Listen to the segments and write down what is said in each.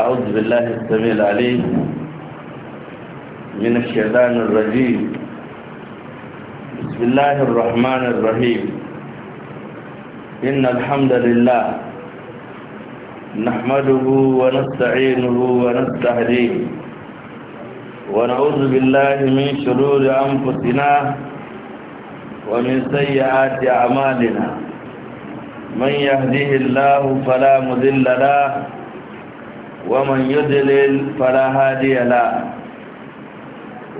أعوذ بالله السميع العليم من الشيطان الرجيم بسم الله الرحمن الرحيم إن الحمد لله نحمده ونستعينه ونستهديه ونعوذ بالله من شرور أنفسنا ومن سيئات أعمالنا من يهديه الله فلا مذل له ومن يضلل فلا هادي له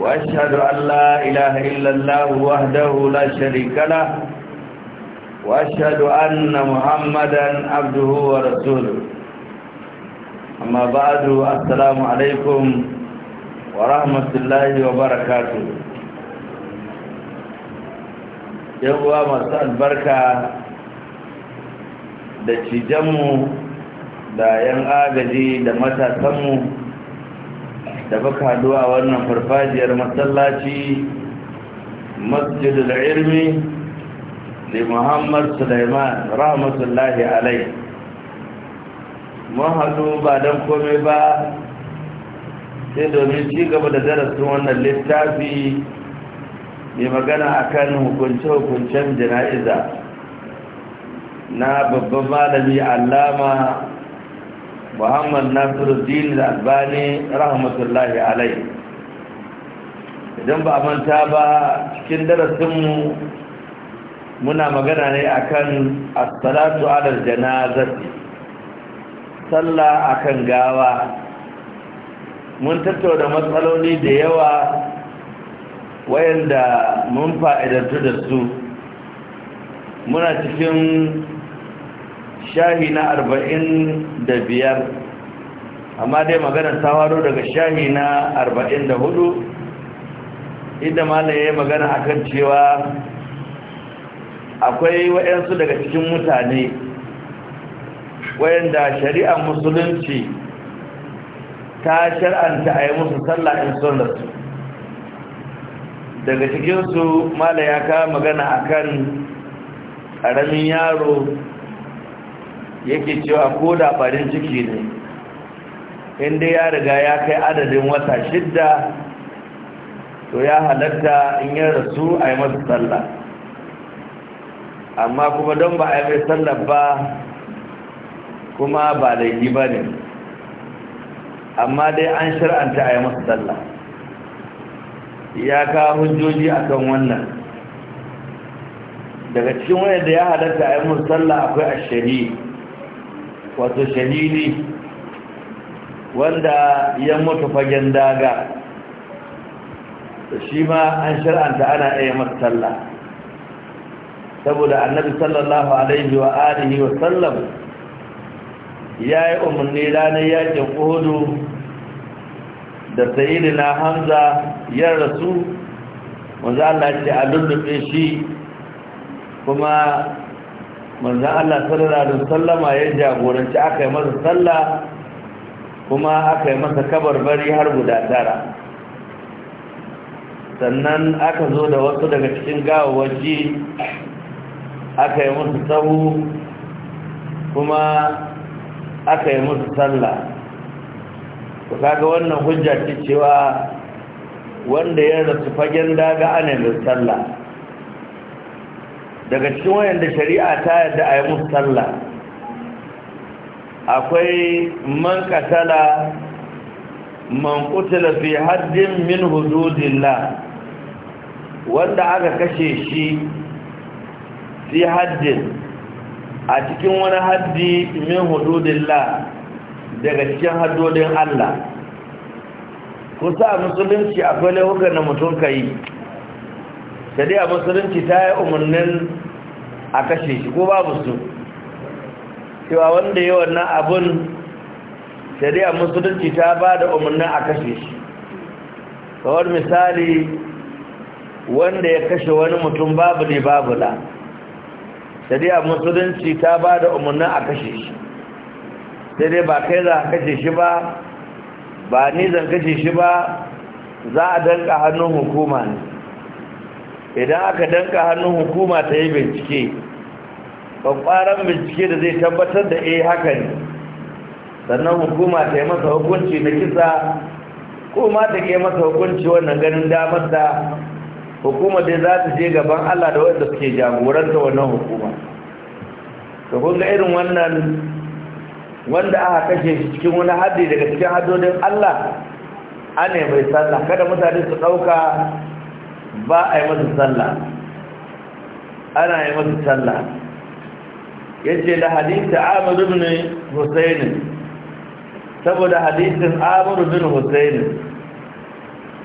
وأشهد أن لا إله إلا الله وحده لا شريك له وأشهد أن محمدا عبده ورسوله أما بعد السلام عليكم ورحمة الله وبركاته يوم مساء البركة da cijanmu da yan agaji da matasanmu da baka haduwa a wannan farfajiyar masallaci masjidul ilmi da muhammad suleiman rahmatullahi alai mun haɗu ba don komai ba sai domin ci gaba da darasin wannan littafi mai magana akan hukunce-hukuncen jana'iza na babban malami allama muhammad nasiruddin albani rahmatullahi alai idan ba manta ba cikin darasinmu muna magana ne akan as-salatu ala janazati sallah akan gawa mun tattauna matsaloli da yawa wayanda mun fa'idatu da su muna cikin shahi na arba'in da biyar amma dai magana ta waro daga shahi na arba'in da hudu inda malam ya yi magana a kan cewa akwai waɗansu daga cikin mutane wayanda shari'ar musulunci ta shar'anta a yi musu sallah in da su daga cikinsu Malam ya kawo magana kan ƙaramin yaro yake cewa ko da farin ciki ne inda ya riga ya kai adadin wata shidda to ya halatta in ya rasu a yi masa sallah amma kuma don ba a yi mai sallah ba kuma ba laifi ba ne amma dai an shir'anta a yi masa sallah ya kawo hujjoji akan wannan daga cikin wani da ya halatta a yi masa sallah akwai ashirin wato shahidi wanda ya mutu fagen daga shi ma an shar'anta ana iya masa sallah saboda annabi sallallahu alaihi wa alihi wa sallam ya yi umarni ranar yakin kudu da na hamza ya rasu wanzu Allah ce a lullube shi kuma manzan Allah sallallahu alaihi sallama ya jagoranci aka yi masa sallah kuma aka yi masa bari har guda tara sannan aka zo da wasu daga cikin gawawaji aka yi musu sahu kuma aka yi musu sallah ku kaga wannan hujja ce cewa wanda ya rasu fagen daga ana mai sallah daga cikin wayanda shari'a ta yadda a yi musu akwai man katala man kutula fi haddin min hududillah wanda aka kashe shi fi haddin a cikin wani haddi min hududillah daga cikin haddodin Allah kusa musulunci akwai laifukan da mutum ka yi a musulunci ta yi umarnin a kashe shi ko babu su cewa wanda yi wannan abin a musulunci ta ba da umarnin a kashe shi kawar misali wanda ya kashe wani mutum babu ne babu la a musulunci ta ba da umarnin a kashe shi sai dai ba kai za a kashe shi ba ba ni zan kashe shi ba za a danka hannun hukuma ne idan aka danka hannun hukuma ta yi bincike kwakwaran bincike da zai tabbatar da eh haka ne sannan hukuma ta yi masa hukunci na kisa ko ma ta ke masa hukunci wannan ganin damar da hukuma dai za ta je gaban Allah da wanda suke jagoranta wannan hukuma to kun irin wannan wanda aka kashe shi cikin wani haddi daga cikin haddodin Allah ana mai sallah kada mutane su ɗauka. ba a yi masa sallah ana yi masa sallah ce da hadisi Amr ne Husayn saboda hadisin Amr ibn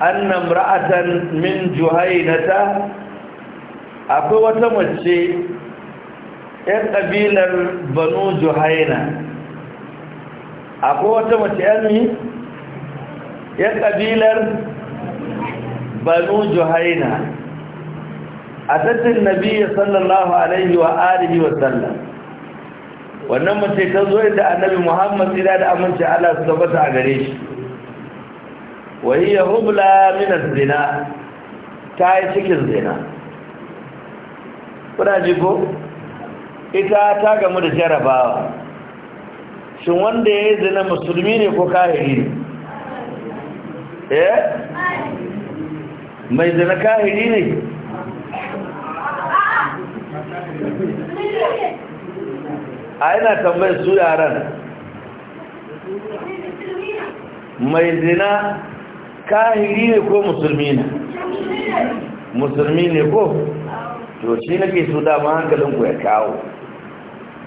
An anna imra'atan min Juhaynata akwai wata mace ƴan ƙabilar Banu Juhaina. akwai wata mace ƴan kabilar banu juhaina atatin nabiyyi sallallahu alaihi wa alihi wa sallam wannan mace ta zo inda annabi Muhammad tsira da amince Allah su tabbata a gare shi wa hiya hubla min az-zina ta yi cikin zina kuna ji ko ita ta gamu da jarabawa shin wanda ya yi zina musulmi ne ko kahiri ne eh mai zana kahiri ne a yana tambayar su yaran mai zina kahiri ne ko musulmi ne musulmi ne ko to shi nake su dama hankalinku ya kawo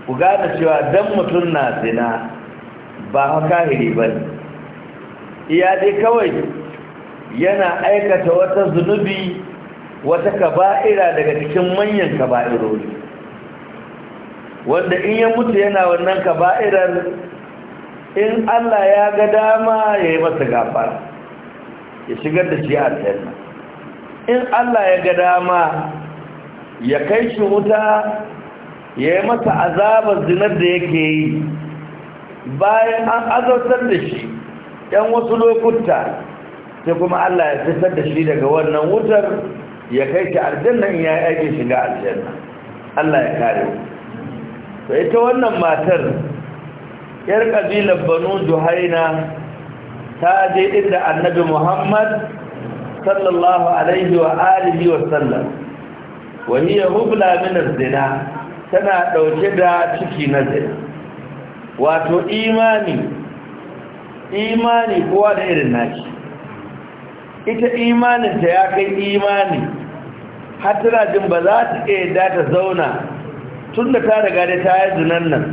ku gane cewa dan mutum na zina ba kahiri ba ne iya dai kawai yana aikata wata zunubi wata kaba'ira daga cikin manyan kaba'irori wanda in ya mutu yana wannan kaba'irar in Allah ya ga dama ya yi masa gafara ya shigar da shi a tsaye in Allah ya ga dama ya kai shi wuta ya yi masa azabar zinar da yake yi bayan an azautar da shi ‘yan wasu lokuta sai kuma Allah ya fitar da shi daga wannan wutar ya kai ta aljanna in yi aikin shiga aljanna Allah ya kare to ita wannan matar yar kabilar Banu Juhaina ta je inda Annabi Muhammad sallallahu alaihi wa alihi wa sallam wa hiya hubla min az-zina tana dauke da ciki na zina wato imani imani kowa da irin naki? ita imaninta ya kai imani har tana jin ba za ta iya yadda ta zauna tun da ta riga da ta yi nan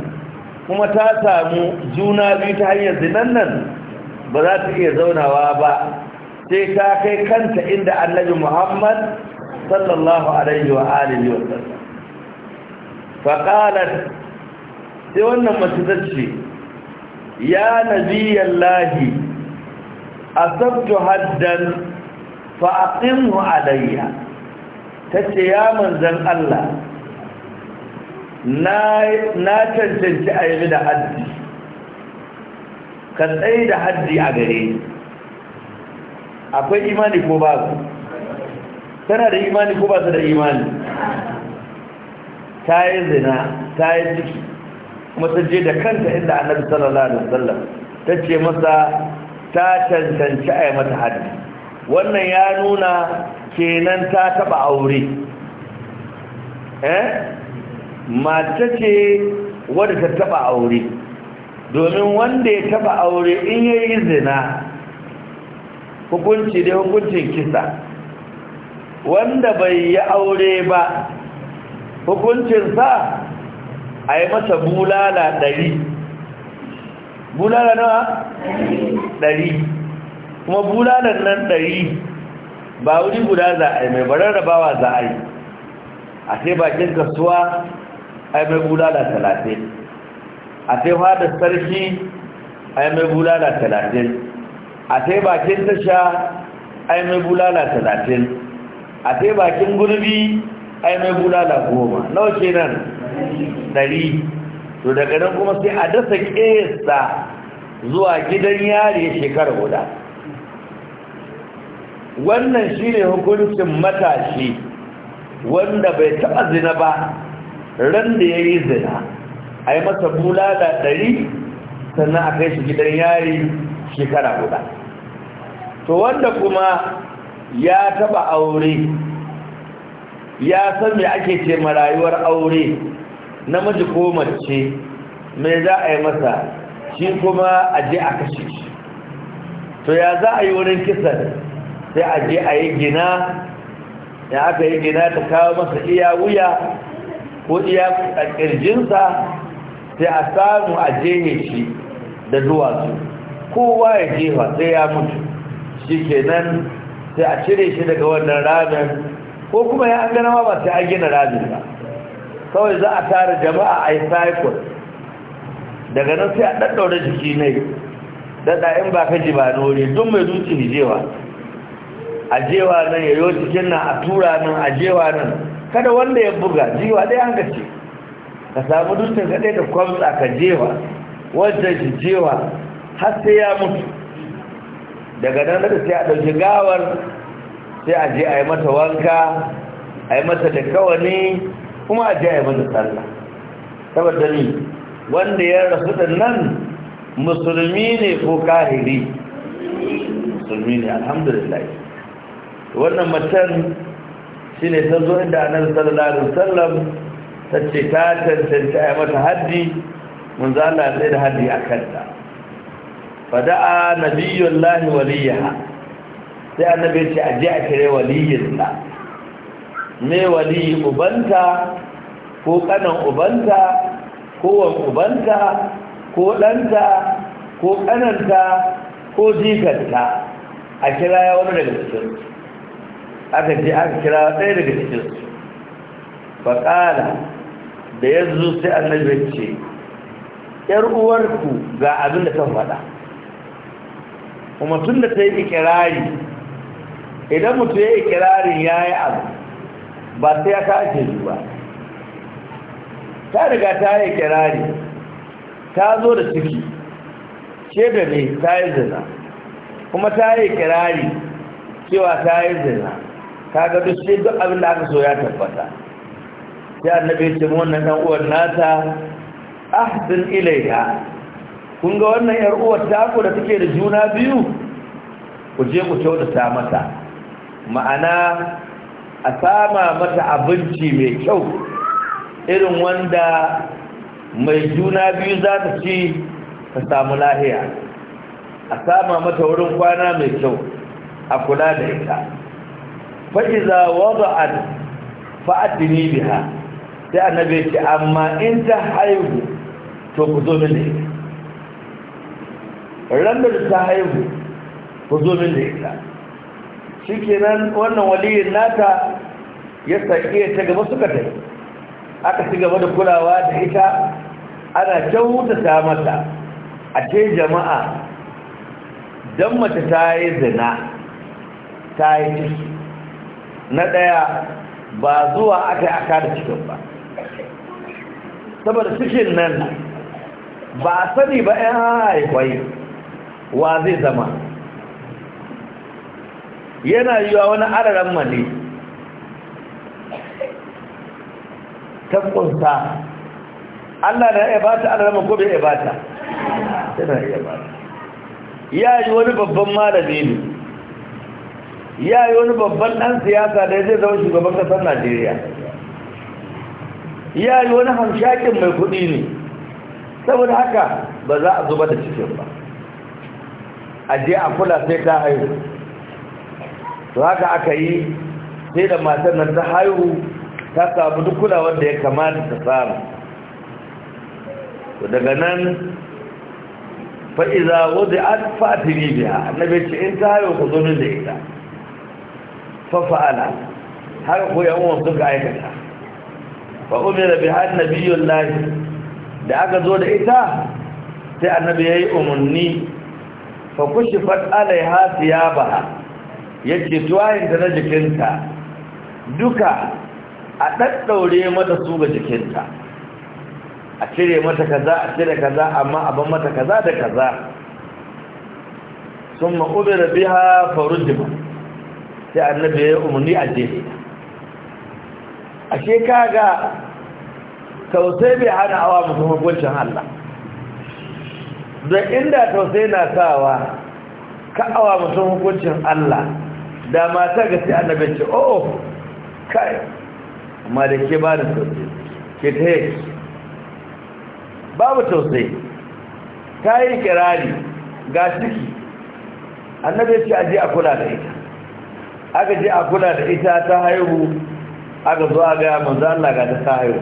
kuma ta samu juna biyu ta hanyar zinan nan ba za ta iya zaunawa ba sai ta kai kanta inda annabi muhammad sallallahu alaihi wa alihi wa sallam sai wannan mace ta ce ya nabiyallahi asabtu haddan fa aqimhu alayya tace ya manzan Allah na na cancanci ayi da haddi ka tsaye da haddi a gare ni akwai imani ko ba ku tana da imani ko ba su da imani ta yi zina ta yi ciki kuma ta je da kanta inda annabi sallallahu alaihi wasallam ta ce masa ta cancanci a yi mata haddi wannan ya nuna kenan ta taba aure eh mata ce wadda ta taba aure domin wanda ya taba aure in ya yi zina hukunci da hukuncin kisa wanda bai yi aure ba hukuncinsa a yi mata bulala ɗari bulala nawa ɗari kuma bulalan nan ɗari ba wuri guda za a yi mai bararrabawa za a yi a sai bakin kasuwa a yi mai bulala talatin a sai fada sarki a yi mai bulala talatin a sai bakin tasha a yi mai bulala talatin a sai bakin gurbi a yi mai bulala goma nawa nan? ɗari to daga nan kuma sai a dasa ƙesa zuwa gidan yare shekara guda wannan shi ne hukuncin matashi wanda bai taɓa zina ba ran da ya yi zina a yi masa bula da ɗari sannan a kai shi gidan yare shekara guda to wanda kuma ya taɓa aure ya san me ake ce marayuwar aure namiji ko mace mai za a yi masa shi kuma a je a kashe shi to ya za a yi wurin kisan sai a je a yi gina ya aka yi gina ta kawo masa iya wuya ko iya a ƙirjinsa sai a samu a jehe shi da duwatsu kowa ya jefa sai ya mutu shi kenan sai a cire shi daga wannan ramin ko kuma ya an gana ma ba sai an gina ramin ba kawai za a tara jama'a a yi cycle daga nan sai a ɗaɗɗaure jiki ne daɗa in ba ka ji ba nori duk mai zuci hijewa a jewa nan yayo cikin nan a tura nan a jewa nan kada wanda ya buga jiwa ɗaya an gace ka samu dutsen ka ɗaya da kwamsa ka jewa Wadda shi jewa har sai ya mutu daga nan da sai a ɗauki gawar sai a je a yi mata wanka a yi mata da kawani kuma a jaya mata sallah saboda ni wanda ya rasu din nan musulmi ne ko kahiri musulmi ne alhamdulillah wannan macen shine ne ta zo inda annabi sallallahu alaihi wasallam ta ce ta tantance a mata haddi mun za Allah sai da haddi a kanta fada'a nabiyullahi waliyaha sai annabi ya ce je a kire waliyinsa me wali ubanta ko kanan ubanta ko wan ubanta ko ɗanta ko ƙananta ko jikanta a kira ya wani daga cikin aka ce aka kira ɗaya daga cikin faƙala da ya zo sai annabi ce ‘yar uwarku ga abin da ta faɗa kuma tun da ta yi ikirari idan mutu ya yi ikirarin ya yi abu ba sai ka ake ba ta riga ta yi kirari ta zo da ciki ce da ne ta yi zina kuma ta yi kirari cewa ta yi zina ta ga duk sai duk abin da aka so ya tabbata sai annabi ce wannan dan uwar nata ahdin ilaiha kun ga wannan yar uwar ko da take da juna biyu ku je ku kyautata mata ma'ana a sama mata abinci mai kyau irin wanda mai juna biyu za ta ci ta samu lahiya a sama mata wurin kwana mai kyau a kula da ita fa'iza wada'ad fa'adini biya sai annabe ce amma in ta haihu to ku zo min da ita ranar ta haihu ku zo min da ita shi kenan wannan waliyin nata ya iya ta gaba suka tafi aka ci gaba da kulawa da ita ana ta mata a ce jama'a Dan mace ta yi zina ta yi ciki na ɗaya ba zuwa aka yi aka da cikin ba saboda cikin nan ba a sani ba ‘yan haikwai wa zai zama yana yiwa wani araran mani ta Allah na iya bata Allah na ko bai ba bata tana iya bata ya yi wani babban malami ne ya yi wani babban ɗan siyasa da zai zama shugaban ƙasar Najeriya ya yi wani hamshakin mai kuɗi ne saboda haka ba za a zuba da cikin ba a je a kula sai ta haihu to haka aka yi sai da matar nan ta haihu ta samu duk kulawar da ya kamata ta samu to daga nan fa iza wudi'at fatini biha annabi ce in ta hayo ku zo min da ita fa fa'ala har ko yan uwan suka aikata fa umira biha annabiyullahi da aka zo da ita sai annabi yayi umunni fa kushifat alaiha thiyabaha Yake tuwayin da na jikinta duka a ɗaɗɗaure mata su ga jikinta a cire mata kaza a cire kaza amma a ban mata kaza da kaza sun ma'ubira biya farun jima sai annabi ya umarni a jefe a shekaga tausai bai hana awa mutum hukuncin Allah da inda tausai na sawa ka awa mutum hukuncin Allah da mata ga sai annabin ce oh kai amma da ke ba da sauki ke ta yi babu tausayi ta yi kirari ga ciki annabi ce a je a kula da ita aka je a kula da ita ta haihu aka zo a gaya manzo Allah ga ta haihu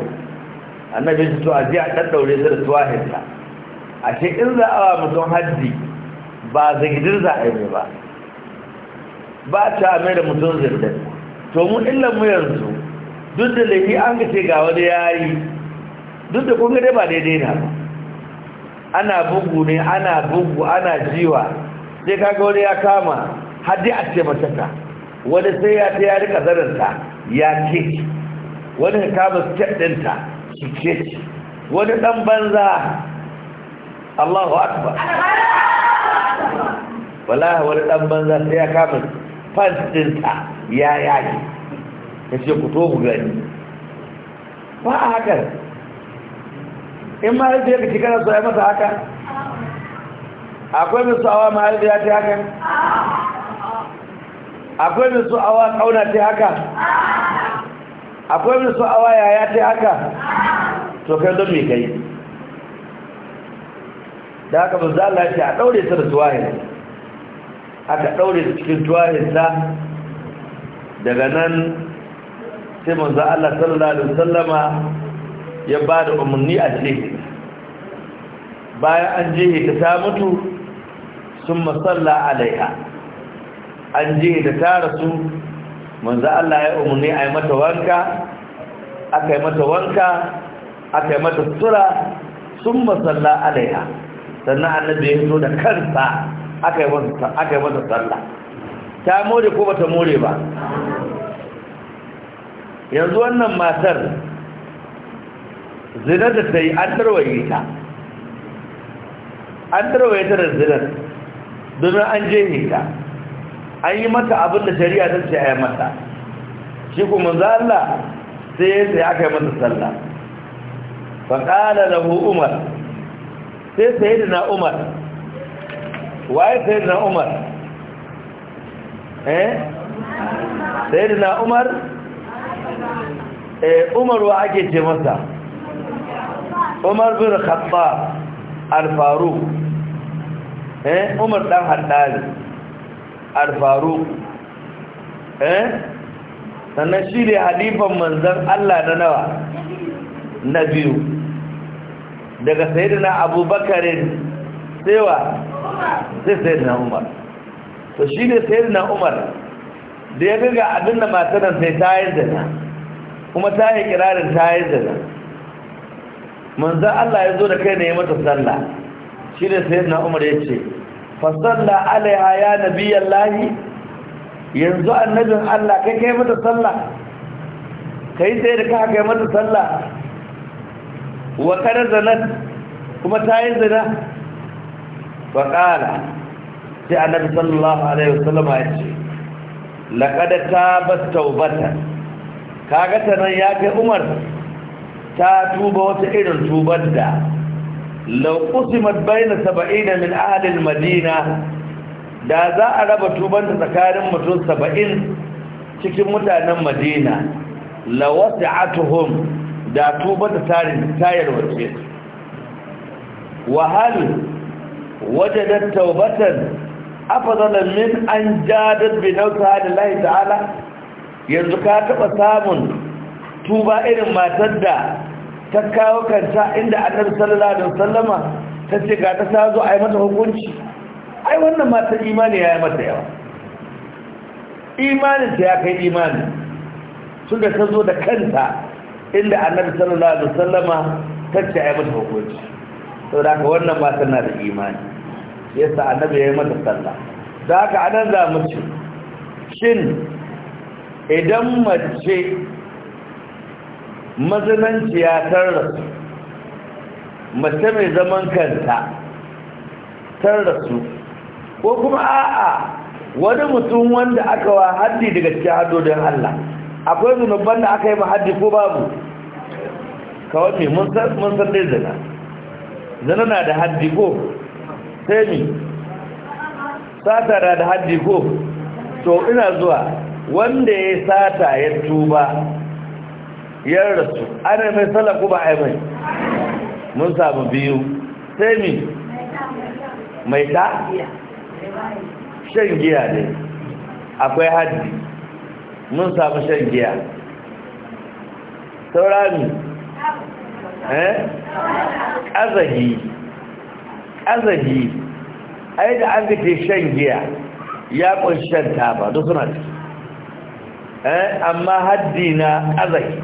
annabi ce to a je a daddaure ta da tuwahinta a ce in za a mutum haddi ba zagidin za a yi ba ba ta mai da mutum zirgin to mu illan mu yanzu duk da laifi an ga ce ga wani yayi duk da kun ga ba daidai na ba ana bugu ne ana bugu ana jiwa sai kaga wani ya kama haddi a ce matata wani sai ya ta ya rika zaranta ya ce wani ka kama step dinta su ce wani dan banza Allahu akbar wallahi wani dan banza sai ya kama pants dinta ya yaki ya ce ku to ku gani ba a haka in ma yadda ya kaci kana so ya masa haka akwai mai awa ma yadda ya ce haka akwai mai awa kauna ce haka akwai mai awa yaya ce haka to kai don me kai da haka manzo Allah ya ce a daure ta da tuwahin aka daure ta cikin tuwahin ta daga nan sai manzo Allah sallallahu alaihi wasallama ya ba da umarni a jehe bayan an jehe ta ta mutu sun masalla alaiha an jehe ta ta rasu manzo Allah ya umarni a yi mata wanka aka yi mata wanka aka yi mata sura sun masalla alaiha sannan annabi ya zo da kansa aka yi mata sallah ta more ko bata more ba yanzu wannan matar zina da ta yi an tarwaye ta an tarwaye ta da zinar domin an jehe ta an yi mata abin da shari'a ta ce a mata shi kuma za Allah sai ya sai aka yi mata sallah faƙala da hu umar sai sai da na umar waye sai na umar eh sai da na umar Eh, umar wa ake ce masa umar bin khatba alfaru eh umar dan haddali alfaru eh sannan shi ne halifan manzan Allah na nawa na biyu daga sayyidina abubakar sewa sai sayyidina umar to shi ne sayyidina umar da ya ga abin da matanar sai ta yi zana kuma ta yi kirarin ta yi zina manzan Allah ya zo da kai ne ya mata sallah shi ne sai na umar ya ce fasalla alaiha ya nabi lahi yanzu annabin Allah kai kai mata sallah kai sai da ka kai mata sallah wa kada zina kuma ta yi zina wa ƙala sai annabi sallallahu alaihi wasallama ya ce laƙada ta bat kaga ta nan ya kai umar ta tuba wata irin tubar da laukusimat baina saba'ina min ahalin madina da za a raba tuban tsakanin mutum saba'in cikin mutanen madina lawasi Atuhun da tubar da tarin tayar wace wahal wajadat taubatan afadalan min an jadar binauta halillahi ta'ala yanzu ka taɓa samun tuba irin matar da ta kawo kanta inda aka sallala alaihi sallama ta ce ga ta sa zo a yi mata hukunci ai wannan matar imani ya yi mata yawa imanin ta ya kai imani sun da ta zo da kanta inda aka sallala alaihi sallama ta ce a yi mata hukunci saboda haka wannan matar na da imani yasa annabi ya yi mata sallah da haka anan za mu ce shin idan mace mazinanciya ta rasu mace mai zaman kanta ta rasu ko kuma a'a wani mutum wanda aka wa haddi daga cikin hadodin Allah akwai zunubban da aka yi ma haddi ko babu kawai mai mun san dai zina zina na da haddi ko sai ni sata na da haddi ko to ina zuwa wanda ya sata ya tuba ya rasu ana mai salaku ba a mai mun samu biyu sai mi mai ta shan giya ne akwai haddi mun samu shan giya saurami eh ƙazahi ƙazahi ai da an gace shan giya ya ƙunshi shan taba duk suna ciki Eh, amma haddi na ƙazahi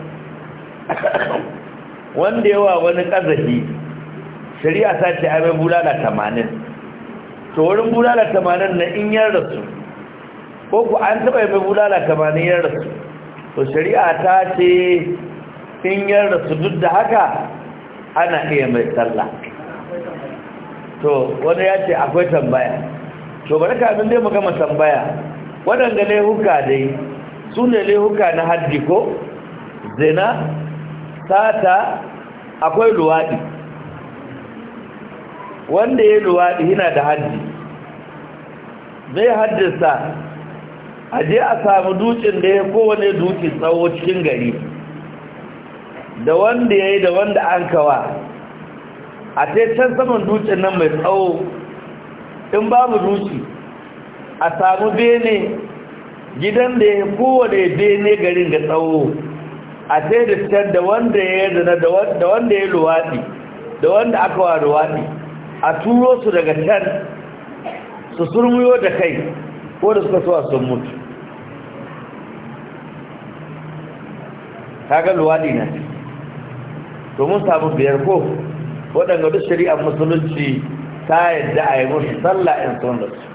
wanda yawa wani ƙazahi shari'a ta ce mai bulala tamanin to wurin bulala tamanin na in yar rasu ko ku an taɓa mai bulala tamanin yar rasu to shari'a ta ce in yar rasu duk da haka ana iya mai sallah to wanda ya ce akwai tambaya to bari ka abin dai mu gama tambaya waɗanda ne huka dai Sune ne na haddi ko zina sata akwai luwaɗi wanda ya luwaɗi yana da haddi mai haddisa a je a samu dukin da ya kowane duki tsawo cikin gari da wanda ya yi da wanda an kawa a can saman dukin nan mai tsawo in babu duki a samu bene gidan da ya kowane dai garin da tsawo a sai da fitar da wanda ya zana da wanda ya luwaɗi da wanda aka wa luwaɗi a turo su daga can su surmuyo da kai ko da suka suwa sun mutu ga luwaɗi na domin samu biyar ko waɗanda duk shari'ar musulunci ta yadda a yi musu sallah in sun da su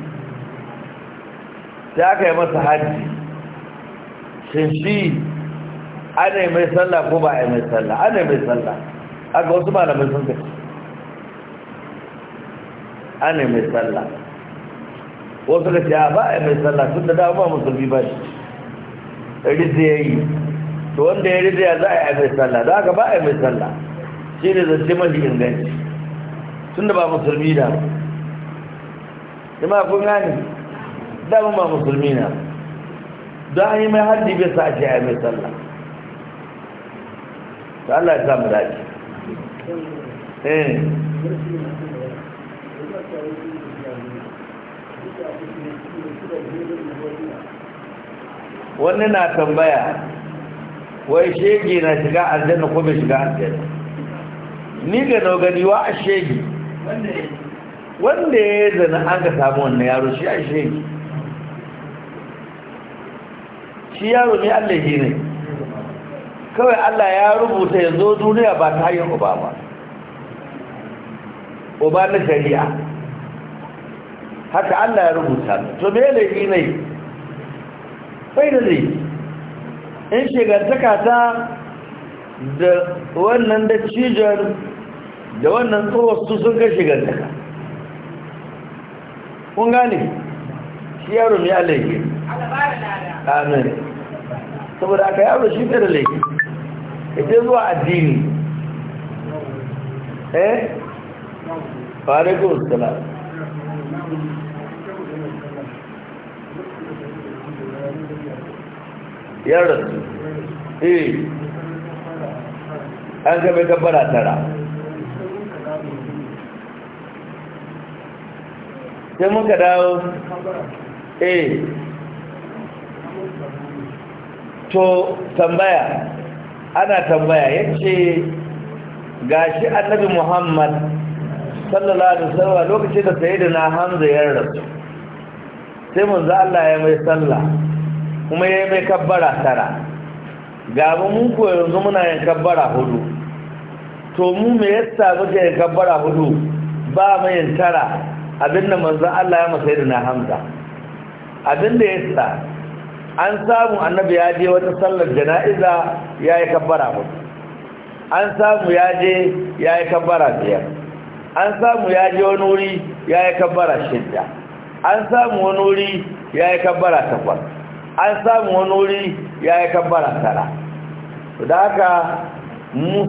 sai aka yi masa hajji shi shi ana yi mai sallah ko ba a yi mai sallah ana yi mai sallah aka wasu malamai sun kaci ana yi mai sallah wasu ka ce ba a yi mai sallah tun da dama musulmi ba shi rizai ya yi to wanda ya rizai ya za a yi mai sallah da ka ba a yi mai sallah shi ne zance mafi inganci tun da ba musulmi da ba. Ima kun gani damu ma musulmi na don an yi mai haddi bai sa ce ya mai sallah ta Allah ya samu daji eh. wani na tambaya wai shege na shiga aljanna ko bai shiga aljanna ni ga nau wa a shege wanda ya zana an ka samu wannan yaro shi a shege shi yaro ne Allah yi ne kawai Allah ya rubuta ya zo duniya ba ta yi uba ba uba na shari'a haka Allah ya rubuta to me laifi ne bai da laifi in shigantaka ta da wannan da cijar da wannan tsohon su sun kai shigantaka kun gane shi yaro rumi Allah yi amin saboda aka yaro shi da laifi ita zuwa addini eh farikun salam yaron eh an gabe gabara tara sai muka dawo eh to tambaya ana tambaya yace gashi annabi Muhammad sallallahu alaihi wasallam lokacin da sayyidina Hamza ya rasu sai za Allah ya mai sallah kuma ya mai kabbara tara ga mun ko yanzu muna yin kabbara hudu to mu me yasa muke yin kabbara hudu ba mai yin tara abinda manzo Allah ya masa sayyidina Hamza abinda yasa an samu annabi ya je wata sallar jana'iza ya yi kabbara mutu. an samu ya je ya yi kabbara biyar an samu ya je wani wuri ya yi kabbara shidda an samu wani wuri ya yi kabbara takwas an samu wani wuri ya yi kabbara tara da haka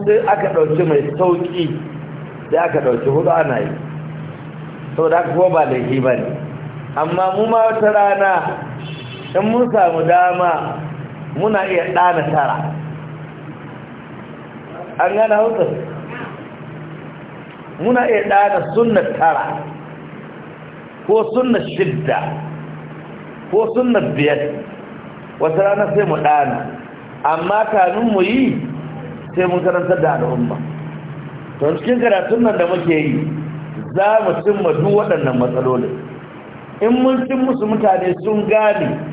sai aka ɗauki mai sauƙi da aka ɗauki hudu ana yi sau da aka kuma ba laifi ba ne amma mu ma wata rana in mun samu dama muna iya ɗana tara an gane hausar muna iya ɗana sunnar tara ko sunnar shidda ko sunnar biyar wata rana sai mu ɗana amma kanun mu yi sai mun karantar da al'umma to cikin karatun nan da muke yi za mu cimma duk waɗannan matsaloli. in mun cin musu mutane sun gane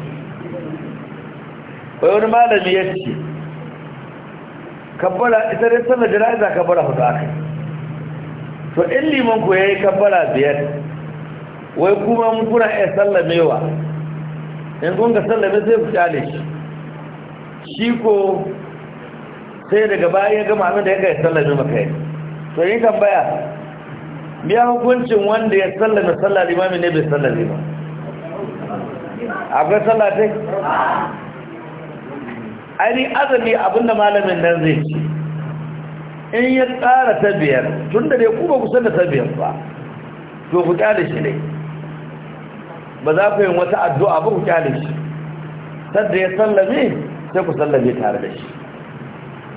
bai wani malami ya ce kabbala ita dai sallar jana'iza kabbara hudu aka to in liman ku ya yi kabbala biyar wai kuma mun kuna iya sallamewa in kun ga sallame sai ku kyale shi shi ko sai daga baya ya gama abin da ya kai sallame maka yi to yi tambaya biya hukuncin wanda ya sallame sallar imamin ne bai sallame ba akwai sallatai ani azumi abinda malamin nan zai ce in ya tsara ta biyar tun da dai ku ba kusan da ta biyar ba to ku kyale shi ne ba za ku yi wata addu'a ba ku kyale shi sadda ya sallame sai ku sallame tare da shi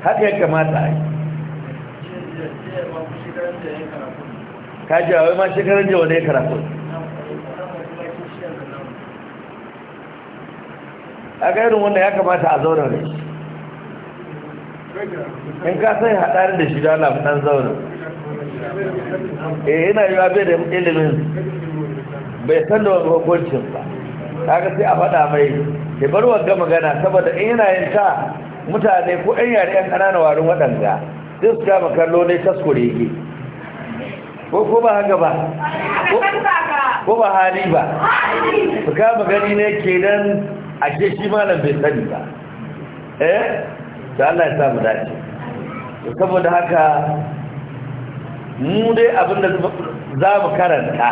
haka ya kamata a yi ka jawo ma shekarar jiwa ne karafi a irin wanda ya kamata a zauna da in ka sai haɗari da shi da ana ɗan zauna eh yana yi wa bai da ilimin bai san da wani hukuncin ba kaga sai a faɗa mai da bar wanga magana saboda in yana yin ta mutane ko ɗan yare 'yan ƙananan warin waɗanda zai su kama kallo ne taskure yake ko ko ba haka ba ko ba hali ba su kama gani ne kenan Ake shi malam bai sani ba eh da Allah ya samu dace saboda haka mu dai abinda za mu karanta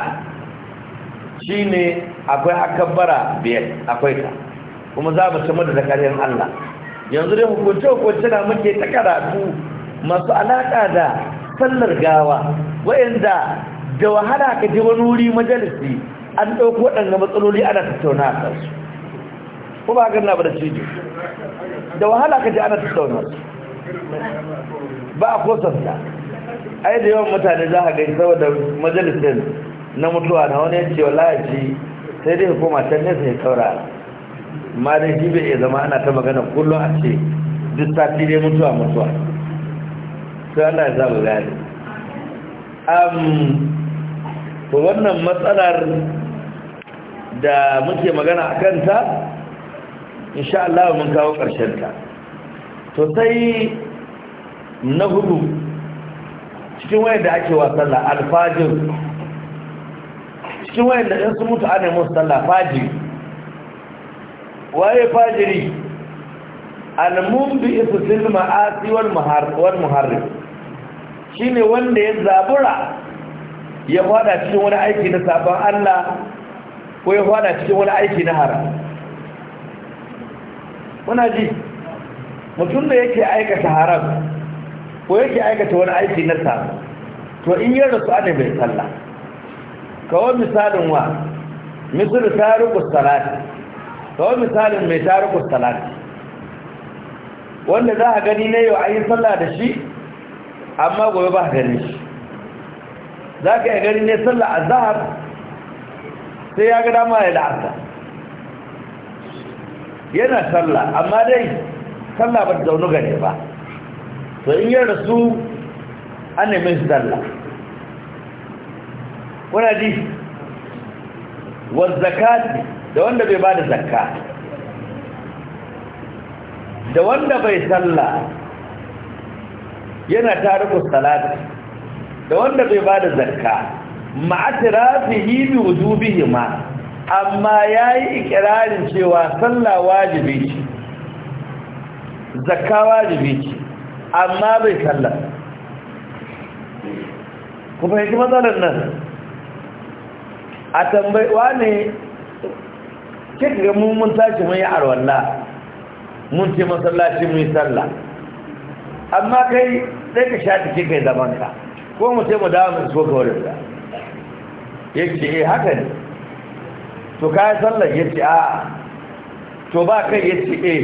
shine akwai akabbara biyar akwai ta kuma za mu samu da zakariyar Allah yanzu dai hukunce hukunce na muke ta karatu masu alaƙa da sallar gawa wayanda da wahala ka je wani wuri majalisi an ɗauko waɗanda matsaloli ana tattauna a kansu ko ba ganna ba da da wahala ka ana tattauna ba a kosanta ai da yawan mutane za a ga saboda majalisin na mutuwa na wani yace wallahi ji sai dai hukuma can sai ya saura ma dai shi bai zama ana ta magana kullum a ce duk sati dai mutuwa mutuwa sai Allah ya zaɓi gani am to wannan matsalar da muke magana a kanta insha Allah mun kawo ƙarshen ta to sai na hudu cikin wayar ake wa sallah alfajir cikin wayar da in mutu ana yi musu sallah fajiri waye fajiri almumbi isu silma asiwar muharrim shi ne wanda ya zabura ya fada cikin wani aiki na sabon Allah ko ya fada cikin wani aiki na haram muna ji mutum da yake aikata haram ko yake aikata wani aiki na sa to in yi rasu ana mai sallah kawo misalin wa misali tarikus salati kawo misalin mai tarikus salati wanda za a gani na yau an yi sallah da shi amma gobe ba gani shi za ka yi gani ne sallah a zahar sai ya ga dama ya la'asa yana sallah amma dai sallah ba zaunu gane ba to in yi rasu an nemi su sallah wana ji wazzakati da wanda bai ba da zakka da wanda bai sallah yana tariku salati da wanda bai ba da zakka ma'atirafi hibi wujubihima amma ya yi ikirarin cewa sallah wajibi ce zakka wajibi ce amma bai sallah ku fahimci matsalar nan a tambaiwa ne kika ga mun tashi mun yi arwalla mun ce masallaci mun yi sallah amma kai sai ka sha take kai zaman ka ko mu ce mu dawo mu so ka wurin da yake eh haka ne to kayan sallar ya ce a to ba kai ya ce e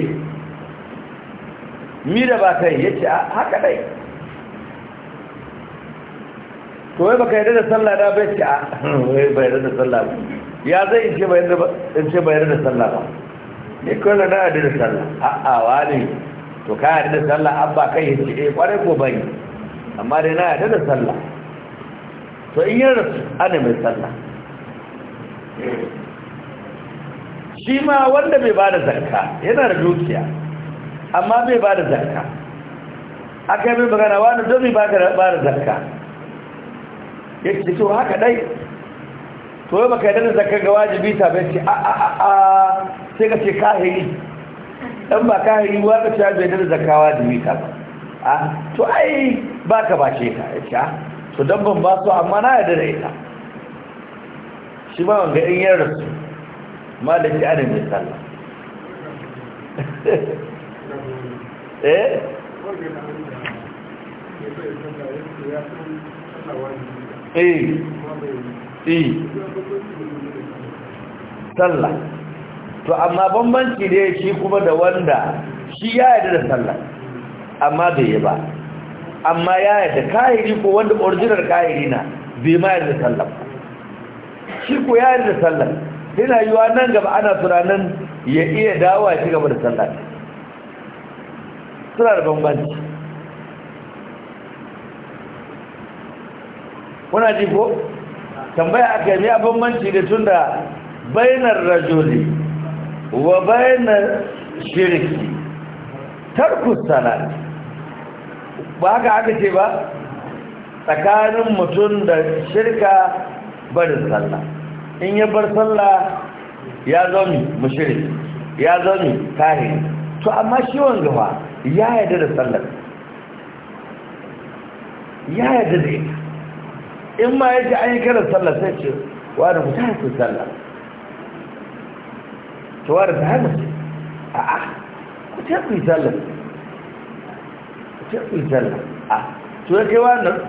mi da ba kai ya ce a haka dai to wai baka yarda da sallah da bai ce a wai bai yarda da sallah ba ya zai in ce bai yarda da sallah ba ne kawai na yarda da sallah a'a wani to ka yarda da sallah an ba kai ya ce e kwarai ko bai amma dai na yarda da sallah to in yarda ana mai sallah shi ma wanda bai bada zarka yana da dukiya amma bai bada zarka aka yi magana wani domin ba ka bada zarka ya ce to haka dai to yi maka yadda zarka ga wajibi ta bai ce a sai ka ce kahiri ɗan ba kahiri wa ka ce bai da zarka wajibi ta ba a to ai ba ka ba ce ka ya ce to don ban ba su amma na yadda da ita shi ma wanga in yi su malaki ana mai sallah eh eh eh sallah to amma bambanci ne shi kuma da wanda shi ya yi da sallah amma bai yi ba amma ya da kahiri ko wanda original kahiri na bai ma da sallah shi ko ya da sallah yi wa nan gaba ana tunanin ya iya dawo shi gaba da sallah suna da bambanci kuna ji ko tambaya aka yi a bambanci da tun da bainar rajuli wa bainar shirki tarkus salat ba haka aka ce ba tsakanin mutum da shirka barin sallah in ya bar sallah ya zaune mushrik ya zaune kahiri to amma shi wanga ba ya yarda da sallar ya yarda da ita in ma yace an yi karar sallar sai ce wa da mutane su sallar to wa da ta hana ce a a ku ce ku sallar ku ce ku sallar a to ya kai wannan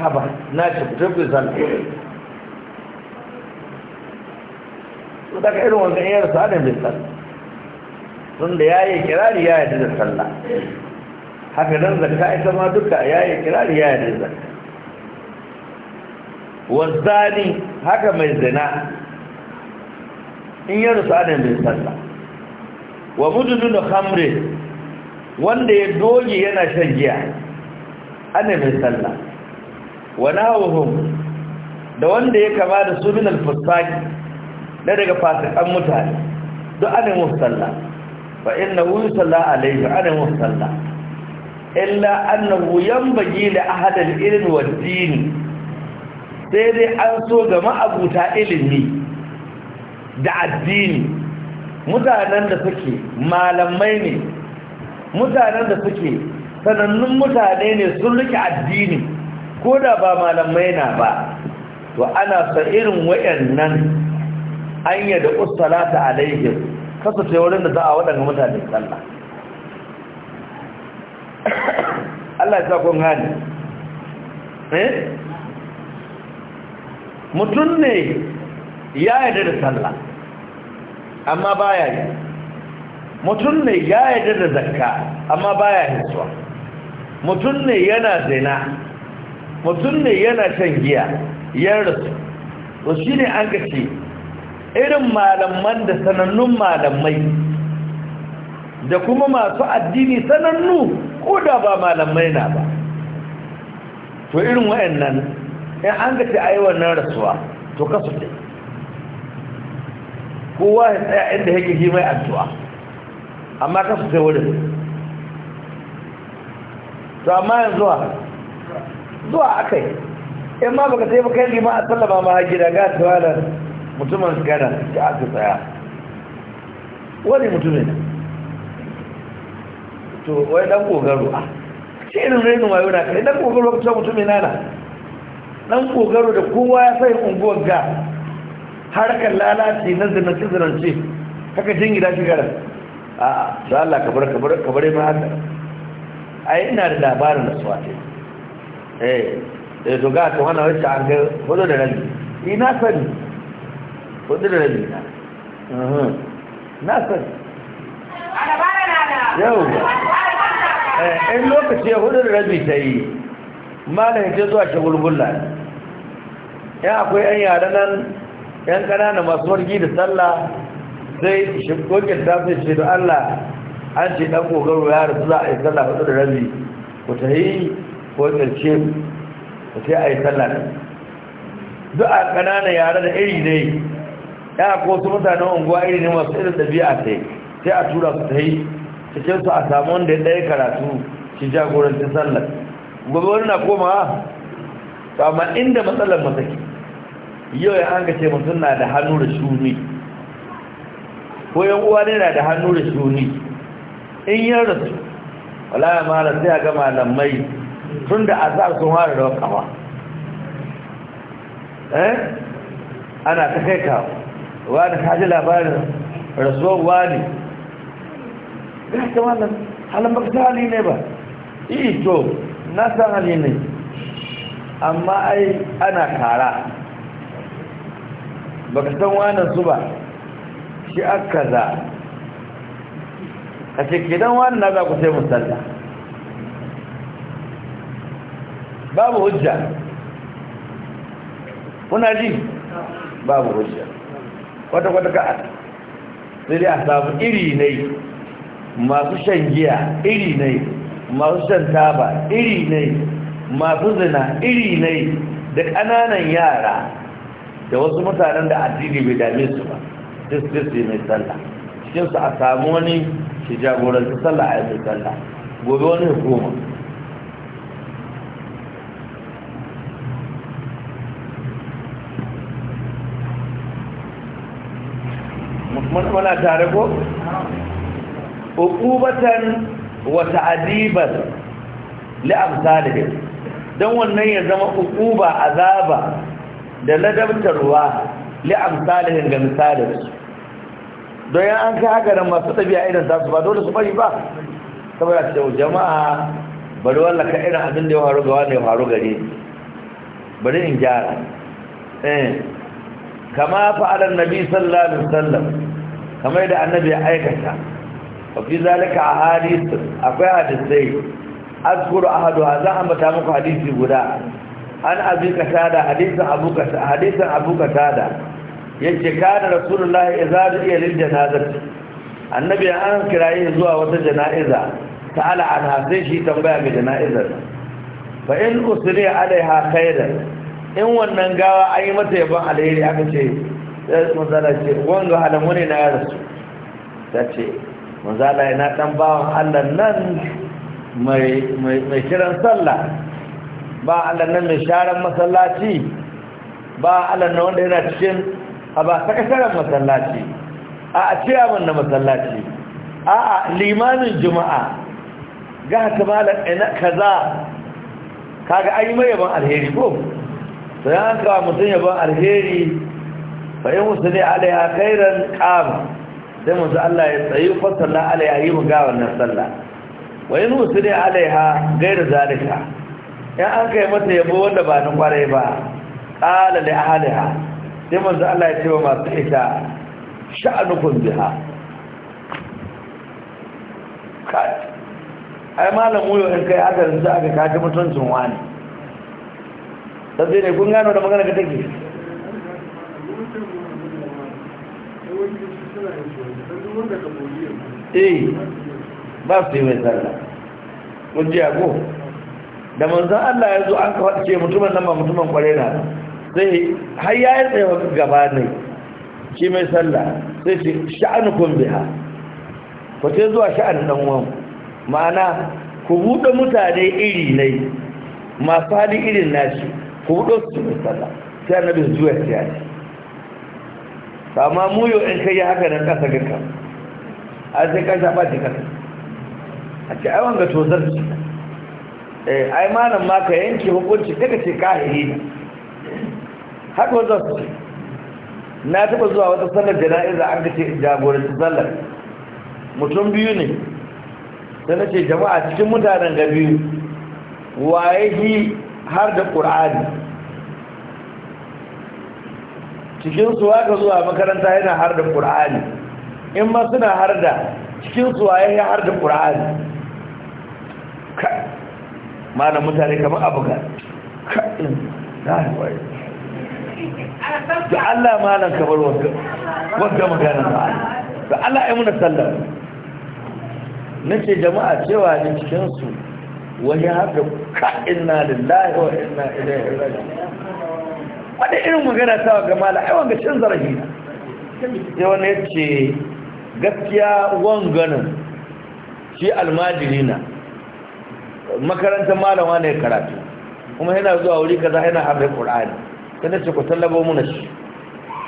haba na ce ku ce ku sallar. su daga irin wanda ya yarsa ne bin sallah sun da ya yi kirari ya yi da sallah haka nan ka ita ma duka ya yi kirari ya yi da zakka wanzani haka mai zina in ya rasu adam bin sallah wa mudunun hamre wanda ya doge yana shan giya ana mai sallah wa nahawuhum da wanda ya kama da su min alfasaki na daga fasikan mutane duk ana sallah fa inna yusalla alayhi ana Sallah. illa annahu yanbaghi li ahad al-ilm wad din sai dai an so ga ma'abuta ilimi da addini mutanen da suke malamai ne mutanen da suke sanannun mutane ne sun rike addini ko da ba malamai na ba to ana sa irin wayannan an yi da ta alaihim kasa ce wurin da za a waɗanda mutane sallah Allah ya kun gani eh mutum ne ya yadda da sallah amma baya yi mutum ne ya yadda da zakka amma baya hisuwa mutum ne yana zina mutum ne yana shan giya yan rasu to shi ne an gace irin malaman da sanannun malamai da kuma masu addini sanannu ko da ba malamai na ba to irin wayannan in an ga ta ayi wannan rasuwa to kasu dai kowa ya tsaya inda yake yi mai addu'a amma kasu sai wurin to amma yanzu zuwa akai in ma baka sai baka yi ma a sallama ma gida ga tawalar mutumin gada da aka tsaya wani mutumin to wai dan kogaro a ah, ce irin rainu wayo na kai dan kogaro ka ce mutumin nana dan kogaro da kowa ya sai unguwar ga harkar lalace na zinace kaka jin gida shi gara a ah, za Allah kabar kabar kabar ma haka ai ina da labarin da suwa eh eh to ga ta wannan wacce an ga wazo da rabi ina sani hudu da na na san yau eh, in lokaci ya hudu da rabi ta yi malayin ce zuwa shagulgulla ya akwai yan yara nan yan kanana masu wargi da sallah sai shigogin ta sai ce da allah an ce dan kogaro ya rasu za a yi sallah hudu da rabi ku ta yi ko tsarce ku sai a yi sallah duk a kanana yara da iri ne ya ko su mutane unguwa iri ne masu irin ɗabi'a sai sai a tura su ta yi cikin su a samu wanda ya ɗaya karatu shi jagorancin sallar gobe wani na koma to amma inda matsalar mataki yau ya hanga ce mutum na da hannu da shuni ko yan uwa ne na da hannu da shuni in yi rasu wala ya mara sai a gama mai tun da sa sun hara da wakawa eh? ana ta kai kawo wani kaji labarin rasuwar wani ya ta wannan halin baka ta hali ne ba iya to na san hali ne amma ai ana kara baka san wannan su ba shi aka za a cikin wani na za ku sai musalla babu hujja kuna ji babu hujja kwata-kwata ka sai dai a samu iri ne masu shan giya iri ne masu shan taba iri ne masu zina iri ne da ƙananan yara da wasu mutanen da addini bai dame su ba disney mai sallah cikinsu a samu wani shi jagoranci sallah a yi mai sallah gobe wani hukuma muna tare ko uqubatan wa ta'diban li amsalihim don wannan ya zama uquba azaba da ladabtarwa li amsalihim ga misalin don yan an kai haka nan masu a irin tasu ba dole su bari ba saboda cewa jama'a bari wallah ka irin abin da ya faru ga wani ya faru gare bari in gyara eh kama fa'alar nabi sallallahu alaihi wasallam kamar yadda annabi ya aikata wa fi zalika ahadith akwai hadisai azkuru ahadu za zan mata muku hadisi guda an abi katada hadisin abu katada abu katada yace kana rasulullahi idza iya lil janazati annabi an kirayi zuwa wata jana'iza ta'ala an sai shi tambaya mai jana'izar fa in usri alaiha khairan in wannan gawa ayi mata yabon alheri aka ce sai su manzala ce wanda halamu ne na yara su ta ce manzala yana ɗan bawan allah nan mai kiran sallah ba allah nan mai sharan masallaci ba allah nan wanda yana cikin a ba sakasaren masallaci a a yawon na masallaci a a limanin juma'a ga ta ba ina kaza kaga an yi mai yaban alheri ko sai an kawo mutum yaban alheri bai musu ne alaiya kairan kam sai musu Allah ya tsayi fa na alaiya yi muga wannan sallah wayan musu ne alaiya gairar zalika in an kai mata yabo wanda ba na kwarai ba qala li ahliha sai musu Allah ya ce wa masu ita sha'anukum biha ai malamu yau in kai aka rinsa aka kaji mutuncin wani sabbi ne kun gano da magana ka take Eh, ba su yi mai kun ko da manzan Allah ya zo an ka ce mutumin nan ba mutumin kware na sai har ya yi tsaye gaba ne shi mai sallah, sai ce kun biya, ku ce zuwa sha'an ɗan wan ma'ana ku buɗe mutane iri ne masu hali irin nashi ku buɗe su mai sallah, sai annabin zuwa siyasi amma mu yau in kai ya haka nan kasa ganka a sai ka shafa ce kasa a ce aiwan ga tozar ce eh, ai malam ma ka yanke hukunci daga ce kahiri haka wanzan su ce na taɓa zuwa wata sallar jana'iza an kace jagoranci sallar mutum biyu ne sai na ce jama'a cikin mutanen ga biyu waye har da ƙur'ani cikin su aka zuwa makaranta yana har da ƙur'ani in ma suna har da cikin su waye ya har da ƙur'ani ka mana mutane kamar abuka ka in na waye da Allah malam kamar wanda wanda magana ba da Allah ya muna sallar nace jama'a cewa ne cikin su wani har da ka inna lillahi wa inna ilaihi raji'un wadda irin magana ta ga mala ai wanga cin zarafi na sai wani ya ce gaskiya wanganin shi almajiri na makarantar malama ne karatu kuma yana zuwa wuri kaza yana harbe ƙur'ani sai na ce ku tallabo muna shi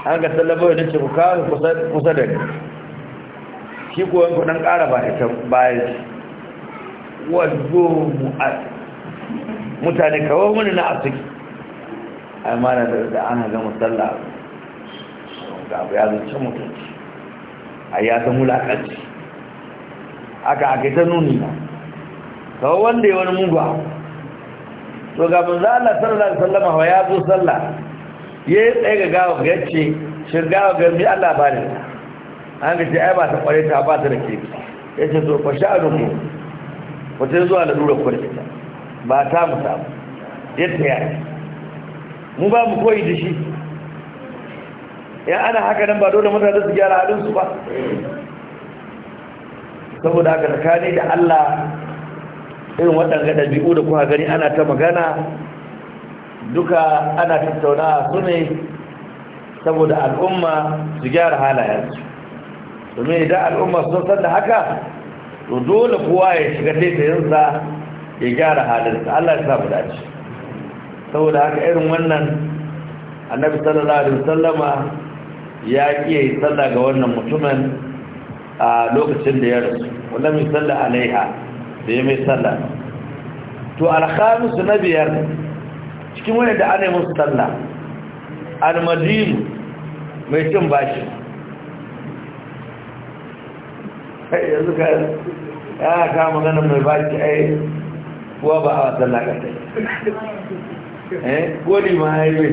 an ga tallabo yana ce ku kawo kusa da ni shi koyon dan ƙara ba ita bayan wadda mu'ad mutane kawo muni na asiki ai mana da ana gama sallah ga abu ya zance mutunci a ya san wulaƙanci aka aka ta nuni na kawai wanda ya wani muba to ga manzo Allah sallallahu alaihi wasallam wa ya zo sallah ya yi tsaye ga gawa ga yace shin ga mi Allah ba ne an ga ce ai ba ta kware ta ba ta da ke yace to fa sha'anu mu ta zuwa da dura kware ba ta mu ta yace ya mu ba mu koyi da shi ya ana haka nan ba dole mutane su gyara su ba saboda haka tsakani da Allah irin waɗanda ɗabi'u da kuka gani ana ta magana duka ana tattauna su ne saboda al'umma su gyara halayensu domin idan al'umma sun san da haka to dole kowa ya shiga taitayensa ya gyara halinsa Allah ya samu dace saboda haka irin wannan annabi sallallahu alaihi wasallama ya kiye salla ga wannan mutumin a lokacin da ya rasu Wannan mai salla alaiha da ya mai salla. to alhamisu na biyar cikin wani da ana yi musu salla almadin mai cin bashi yanzu ka ya kama ganin mai bashi ai kuwa ba a wasan lagatai Eh, goli ma highway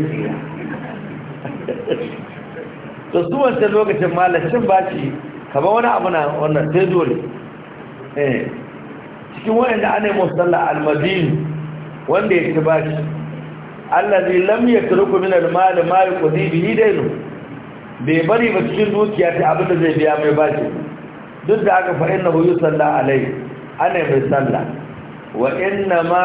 to su wancan lokacin malacin baci kaba wani abu na wannan sai dole eh, cikin wayanda ana yi musalla almadini wanda ya ci baci allazi lam yatruku min almal ma yuqdi bihi daynu bai bari ba cikin dukiya ta abin da zai biya mai baci duk da aka na huyu sallah alai ana mai sallah. wa inna ma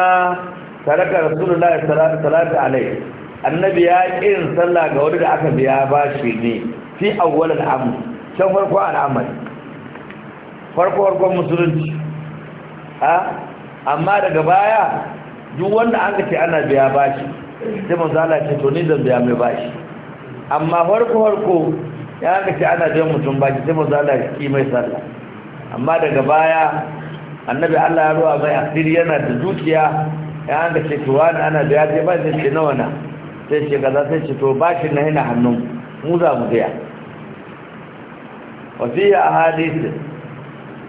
sadaka rasulullahi sallallahu alaihi annabi ya yin sallah ga wanda aka biya bashi ne fi awwal al-amr san farko al-amr farko farko musulunci ha amma daga baya duk wanda an ce ana biya bashi sai manzo Allah ce to ni zan biya mai bashi amma farko farko ya ga ce ana biyan mutum bashi sai manzo Allah ki mai sallah amma daga baya annabi Allah ya ruwa mai asiri yana da dukiya ya an da ce to wani ana biya je ba zai ce nawa na sai ce kaza sai ce to shi na yana hannun mu za mu biya wasiya a hadisi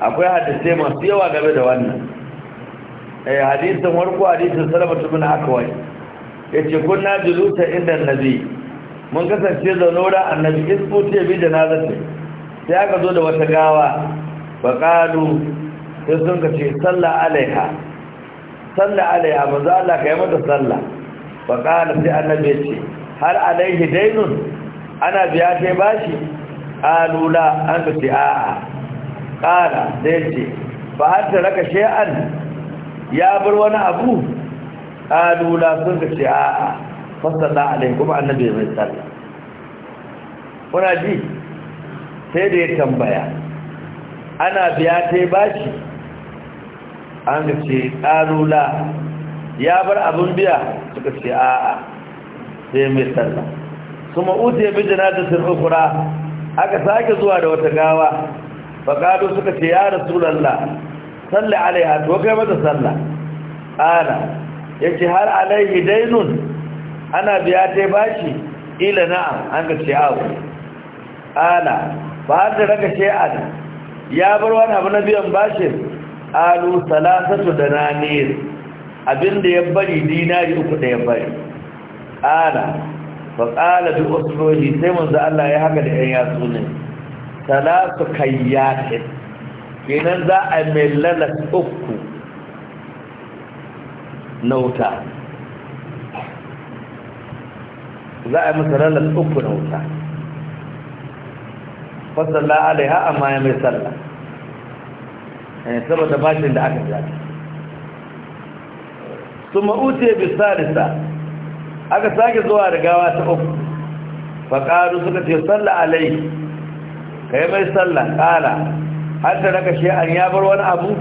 akwai hadisai masu yawa game da wannan eh hadisin warko hadisin salamatu bin akwai yace kunna julusa inda bi mun kasance zaune wurin annabi ya bi da na janazati sai aka zo da wata gawa faqalu sai sun ka ce sallah alaiha Salla alaiha manzo Allah kai mata sallah fa qala sai annabi ce har alaihi dainun ana biya sai bashi alula an ka ce a'a qala sai ce fa ta raka shay'an ya bar wani abu alula sun ka ce a'a fa sallah alaihi kuma annabi mai sallah kuna ji sai da ya tambaya ana biya sai bashi an ce ƙalula ya bar abin biya suka ce a'a sai mai tsalla kuma uta ya bi janazatin ukura aka sake zuwa da wata gawa faƙado suka ce ya rasulallah salli alaiha to kai mata sallah Ya ce har alaihi dainun ana biya ta bashi ila na'am an ga ce awo ƙana ba har da raka ce ya bar wani abu na biyan bashin qalu salasatu dananir abinda ya bari dinari uku da ya bari ala fa qala bi usluhi sai manzo Allah ya haka da yan yatsu ne salasu kayyatin kenan za a melala uku nauta za a masa uku nauta, fa sallallahu alaiha amma ya mai Eh, saboda bashin da aka jaki su ma'uce bisalisa aka sake zuwa da gawa ta uku faƙaru suka ce sallah alai ka yi mai salla ƙala har da raka shi an ya bar wani abu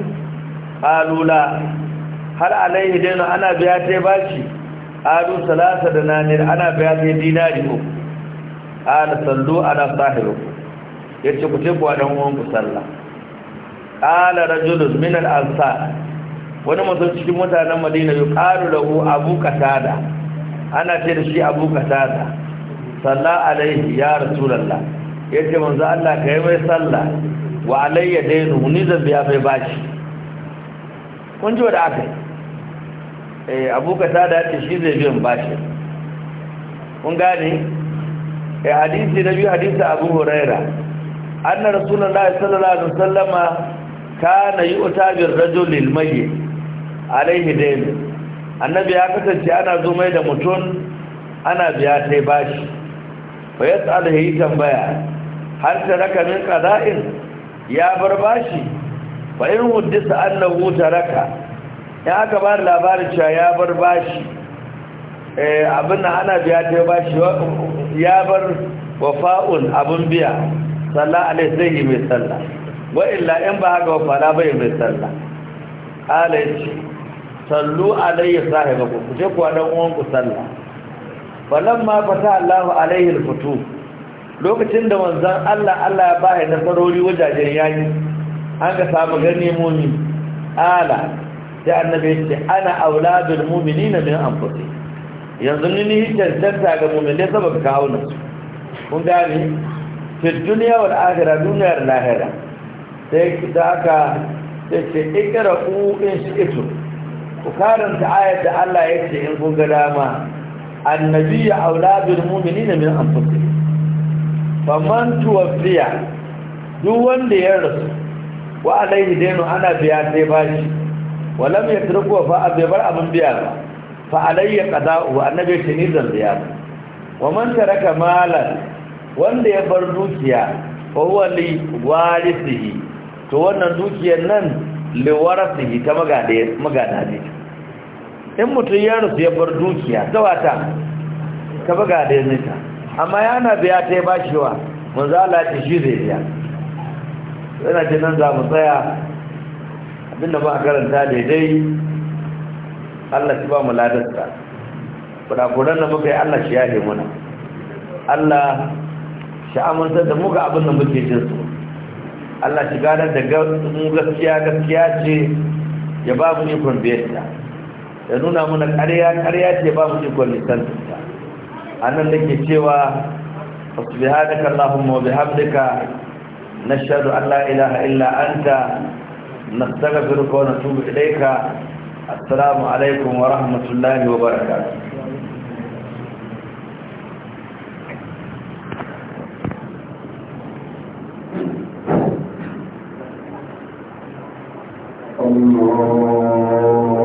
ƙalula har alai idanu ana biya ta yi bashi ƙalu salasa da nanir ana biya ta yi dinari uku ƙala sallu ana sahiru ya ce ku ce kuwa ɗan ku sallah ƙala rajulun min al-ansar wani mutum cikin mutanen Madina da ku Abu Qatada ana ce da shi Abu Qatada salla alaihi ya ya ce manzo Allah ka yi mai sallah wa alayya dainu ni zan biya bai bashi kun ji wanda aka yi eh, Abu ya ce shi zai biyan bashi kun gane eh hadisi na biyu hadisi Abu Hurairah anna rasulullahi sallallahu alaihi wasallama kana yu'ta bir rajulil mayyit alaihi dayn annabi ya kasance ana zo mai da mutum ana biya sai bashi fa yas'aluhu tambaya har taraka min qada'in ya bar bashi fa in huddisa annahu taraka ya aka ba labarin cewa ya bar bashi eh abin nan ana biya sai bashi ya bar wafa'un abun biya sallallahu alaihi wasallam mai sallah wa illa in ba haka wa fara bai mai sallah qala yace sallu alayya sahiba ku je ku dan uwan ku sallah ma fata Allahu alayhi alfutu lokacin da wanzan Allah Allah ya ba nasarori wajajen yayi an ka samu gani muni ala sai annabi ce ana auladul mu'minina min anfusi yanzu ni ni tantanta ga mu'mini saboda kawo nasu kun gani fi duniya wal akhirah duniyar lahira sai da aka sai ce ikira ku in shi ito ku karanta ayat da Allah ya ce in kun ga dama annabi ya aula bil mu'minina min anfusihim faman tuwfiya duk wanda ya rasu wa alaihi dainu ana biya sai bashi walam yatruku fa bai bar abin biya ba fa alayya qada'u annabi ce ni zan biya wa man taraka malan wanda ya bar dukiya wa huwa li warisihi to wannan dukiyar nan yi ta magana ne in mutum ya rufu ya bar dukiya ta wata ta magada ya nita amma yana biya ta yi bashewa a lati shi zai biya yana ce nan za mu tsaya abinda ba a karanta daidai allah shi ba mu ladarsa kudakudan da muka yi allah shi ke muna allah sha'amantar da muka abin da muke jinsu Allah shi ganar da mu gaskiya gaskiya ce ya ba mu ikon biyarta ya nuna muna ƙarya ƙarya ce ba mu ikon lisantarta a nan da ke cewa subhanaka allahumma wa bihamdika na an allah ilaha illa anta nastaghfiruka wa natubu ilayka assalamu alaikum wa rahmatullahi wa barakatuh